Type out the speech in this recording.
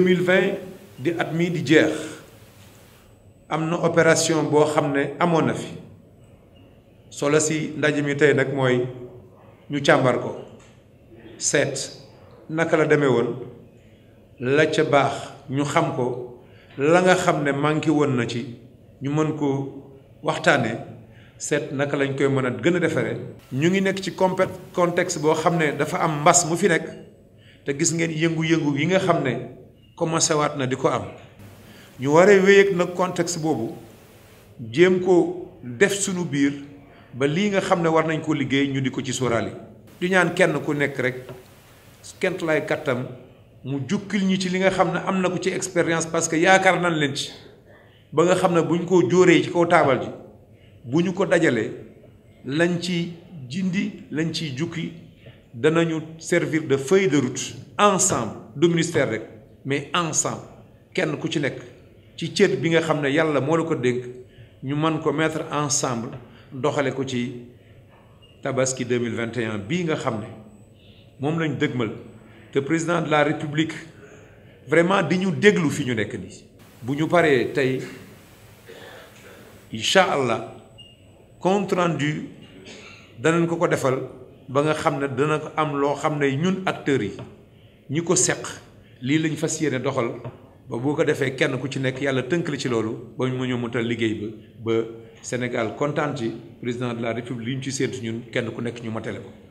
2020 di at mii di jeex am na opération boo xam ne amoon na fi solo si ndaje mi tey nag mooy ñu càmbar ko seet naka la demee woon la ca baax ñu xam ko la nga xam ne manqué woon na ci ñu mën ko waxtaanee seet naka lañ koy mën a gën a defaree. ñu ngi nekk ci compé contexte boo xam ne dafa am mbas mu fi nekk te gis ngeen yëngu-yëngu yi nga xam ne. commencé waat na di ko am ñu waree wéy nag contexte boobu jéem ko def sunu biir ba lii nga xam ne war nañ ko liggéey ñu di ko ci sóoraale di ñaan kenn ku nekk rek kent lay kattam mu jukkil ñi ci li nga xam ne am na ko ci expérience parce que yaakaar nañ leen ci ba nga xam ne buñ koo jóoree ci kaw taabal ji bu ñu ko dajalee lañ ci jindi lañ ciy jukki danañu servir de feuille de route ensemble du ministère rek mais ensemble kenn ku ci nek ci ciet bi nga xam yalla mo la ko dénk ñu man ko mettre ensemble doxale ko ci tabaski 2021 bi nga xam mom lañ deugmal te président de la république vraiment di ñu déglu fi ñu nek ni bu ñu paré tay inshallah allah compte rendu danañ ko ko defal ba nga xam ne dana ko am lo xam ñun acteurs yi ñi ko lii lañ fas yéene doxal ba boo ko defee kenn ku ci nekk yàlla tënk la ci loolu ba mu ñëw mu liggéey ba ba Sénégal kontaan ci président de la république li ñu ci séentu ñun kenn ku nekk ñu matale ko.